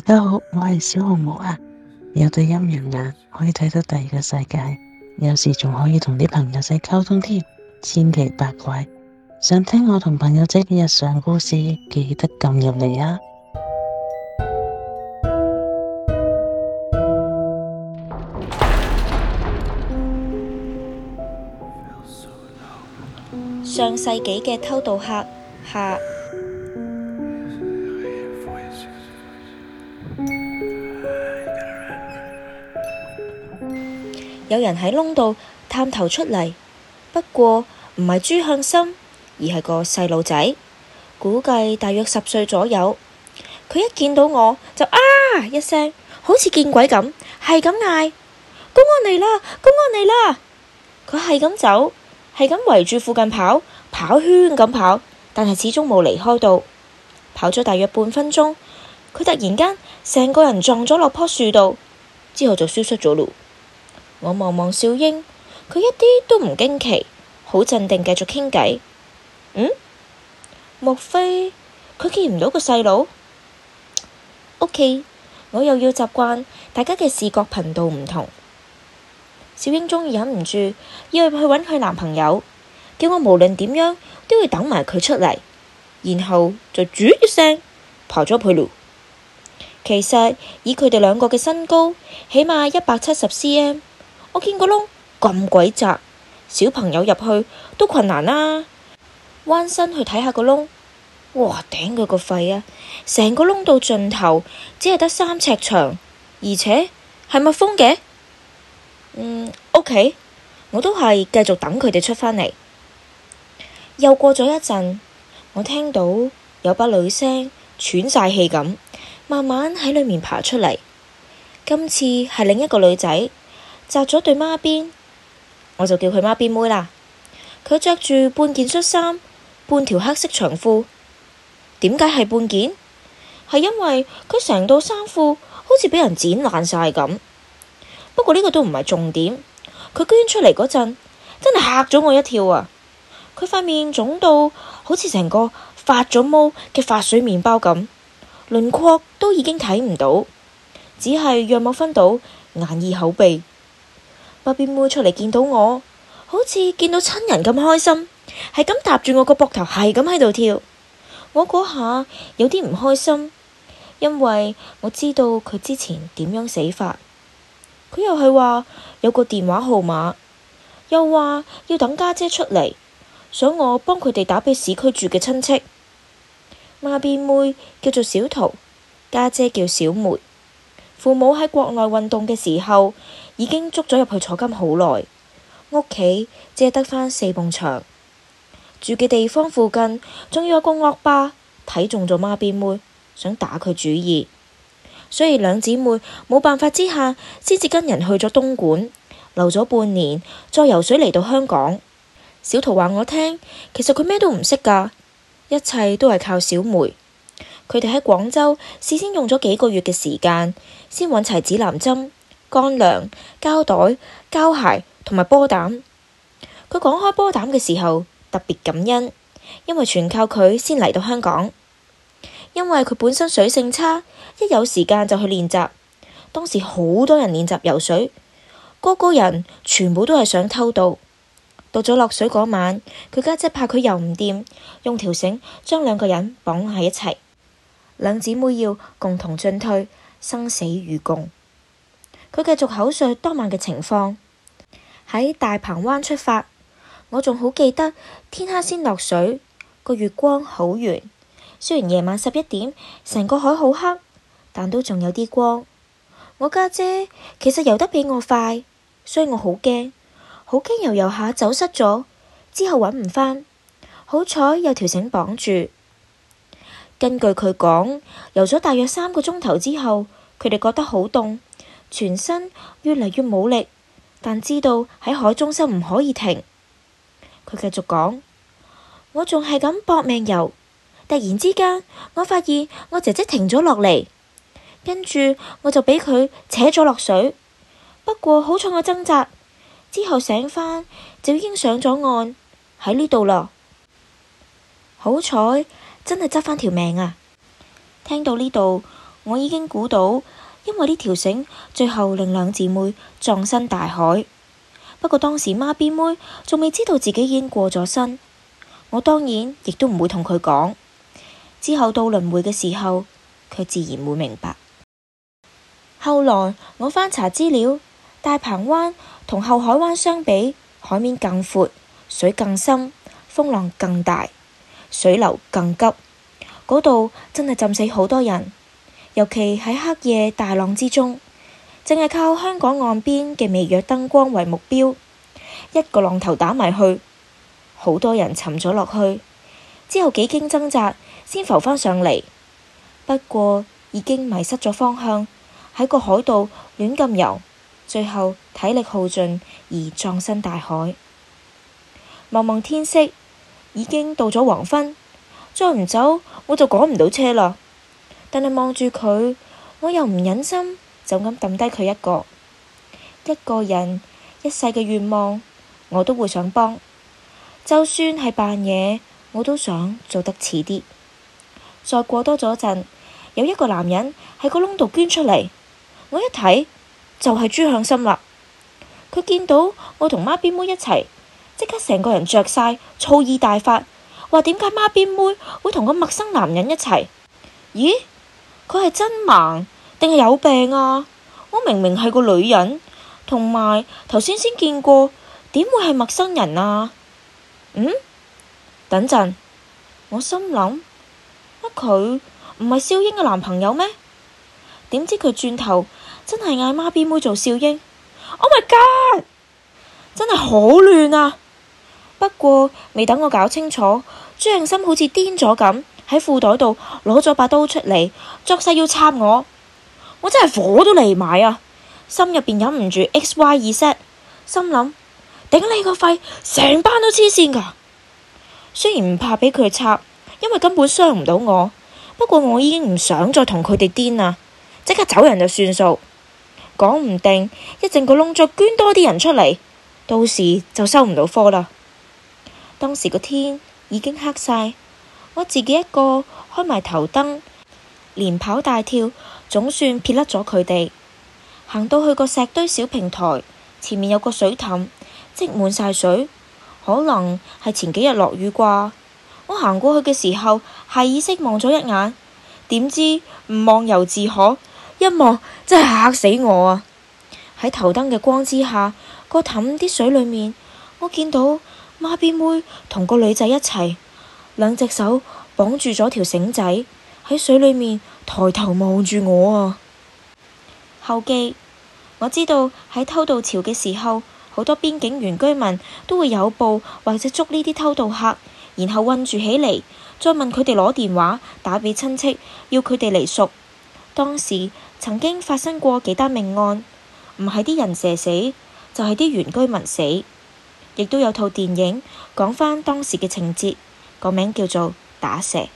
大家好，我係小紅帽啊，有對陰陽眼可以睇到第二個世界，有時仲可以同啲朋友仔溝通添，千奇百怪。想聽我同朋友仔嘅日常故事，記得撳入嚟啊！上世紀嘅偷渡客下。有人喺窿度探頭出嚟，不過唔係朱向深，而係個細路仔，估計大約十歲左右。佢一見到我就，啊一聲，好似見鬼咁，係咁嗌：公安嚟啦！公安嚟啦！佢係咁走，係咁圍住附近跑，跑圈咁跑，但係始終冇離開度。跑咗大約半分鐘，佢突然間成個人撞咗落棵樹度，之後就消失咗啦。我望望少英，佢一啲都唔驚奇，好鎮定繼續傾偈。嗯？莫非佢見唔到個細路？OK，我又要習慣大家嘅視覺頻道唔同。少英終於忍唔住，要去搵佢男朋友，叫我無論點樣都要等埋佢出嚟，然後就猝一聲爬咗入去嚕。其實以佢哋兩個嘅身高，起碼一百七十 cm。我見個窿咁鬼窄，小朋友入去都困難啦、啊。彎身去睇下個窿，哇，頂佢個肺啊！成個窿到盡頭，只係得三呎長，而且係密封嘅。嗯，OK，我都係繼續等佢哋出返嚟。又過咗一陣，我聽到有把女聲喘晒氣咁，慢慢喺裏面爬出嚟。今次係另一個女仔。紮咗對孖辮，我就叫佢孖辮妹啦。佢着住半件恤衫，半條黑色長褲。點解係半件？係因為佢成套衫褲好似畀人剪爛晒咁。不過呢個都唔係重點。佢捐出嚟嗰陣，真係嚇咗我一跳啊！佢塊面腫到好似成個發咗毛嘅發水麵包咁，輪廓都已經睇唔到，只係約莫分到眼耳口鼻。孖辮妹出嚟見到我，好似見到親人咁開心，係咁搭住我個膊頭，係咁喺度跳。我嗰下有啲唔開心，因為我知道佢之前點樣死法。佢又係話有個電話號碼，又話要等家姐出嚟，想我幫佢哋打俾市區住嘅親戚。孖辮妹叫做小桃，家姐叫小梅。父母喺國內運動嘅時候，已經捉咗入去坐監好耐，屋企只係得返四埲牆，住嘅地方附近仲有一個惡霸，睇中咗孖辮妹，想打佢主意，所以兩姊妹冇辦法之下，先至跟人去咗東莞，留咗半年，再游水嚟到香港。小桃話我聽，其實佢咩都唔識㗎，一切都係靠小梅。佢哋喺廣州事先用咗幾個月嘅時間，先搵齊指南針、乾糧、膠袋、膠鞋同埋波膽。佢講開波膽嘅時候，特別感恩，因為全靠佢先嚟到香港。因為佢本身水性差，一有時間就去練習。當時好多人練習游水，個個人全部都係想偷渡。到咗落水嗰晚，佢家姐怕佢游唔掂，用條繩將兩個人綁喺一齊。兩姊妹要共同進退，生死與共。佢繼續口述當晚嘅情況，喺大鵬灣出發，我仲好記得天黑先落水，個月光好圓。雖然夜晚十一點，成個海好黑，但都仲有啲光。我家姐其實游得比我快，所以我好驚，好驚游游下走失咗，之後揾唔返。好彩有條繩綁住。根據佢講，游咗大約三個鐘頭之後，佢哋覺得好凍。全身越嚟越冇力，但知道喺海中心唔可以停。佢繼續講：「我仲係咁搏命游。突然之間，我發現我姐姐停咗落嚟，跟住我就畀佢扯咗落水。不過好彩我掙扎，之後醒返，就已經上咗岸，喺呢度啦。好彩，真係執返條命啊！聽到呢度，我已經估到。因為呢條繩最後令兩姊妹葬身大海。不過當時孖辮妹仲未知道自己已經過咗身，我當然亦都唔會同佢講。之後到輪迴嘅時候，佢自然會明白。後來我翻查資料，大鵬灣同後海灣相比，海面更闊，水更深，風浪更大，水流更急，嗰度真係浸死好多人。尤其喺黑夜大浪之中，淨係靠香港岸邊嘅微弱燈光為目標，一個浪頭打埋去，好多人沉咗落去，之後幾經掙扎先浮翻上嚟，不過已經迷失咗方向，喺個海度亂咁游，最後體力耗盡而葬身大海。望望天色，已經到咗黃昏，再唔走我就趕唔到車啦。但係望住佢，我又唔忍心，就咁抌低佢一個。一個人一世嘅願望，我都會想幫。就算係扮嘢，我都想做得似啲。再過多咗陣，有一個男人喺個窿度捐出嚟，我一睇就係、是、朱向心啦。佢見到我同孖辮妹一齊，即刻成個人着晒，醋意大發，話點解孖辮妹會同個陌生男人一齊？咦？佢係真盲定係有病啊！我明明係個女人，同埋頭先先見過，點會係陌生人啊？嗯？等陣，我心諗乜佢唔係少英嘅男朋友咩？點知佢轉頭真係嗌孖辮妹做少英。Oh my god！真係好亂啊！不過未等我搞清楚，朱向深好似癲咗咁。喺褲袋度攞咗把刀出嚟，作勢要插我，我真係火都嚟埋啊！心入邊忍唔住 XYZ，心諗頂你個肺，成班都黐線㗎。雖然唔怕畀佢插，因為根本傷唔到我，不過我已經唔想再同佢哋癲啦，即刻走人就算數。講唔定一陣個窿再捐多啲人出嚟，到時就收唔到科啦。當時個天已經黑晒。我自己一個開埋頭燈，連跑帶跳，總算撇甩咗佢哋。行到去個石堆小平台，前面有個水凼，積滿晒水，可能係前幾日落雨啩。我行過去嘅時候，下意識望咗一眼，點知唔望猶自可，一望真係嚇死我啊！喺頭燈嘅光之下，個凼啲水裏面，我見到孖辮妹同個女仔一齊，兩隻手綁住咗條繩仔喺水裏面，抬頭望住我啊。後記，我知道喺偷渡潮嘅時候，好多邊境原居民都會誘捕或者捉呢啲偷渡客，然後困住起嚟，再問佢哋攞電話打俾親戚，要佢哋嚟贖。當時曾經發生過幾單命案，唔係啲人蛇死，就係啲原居民死，亦都有套電影講返當時嘅情節。個名叫做打蛇。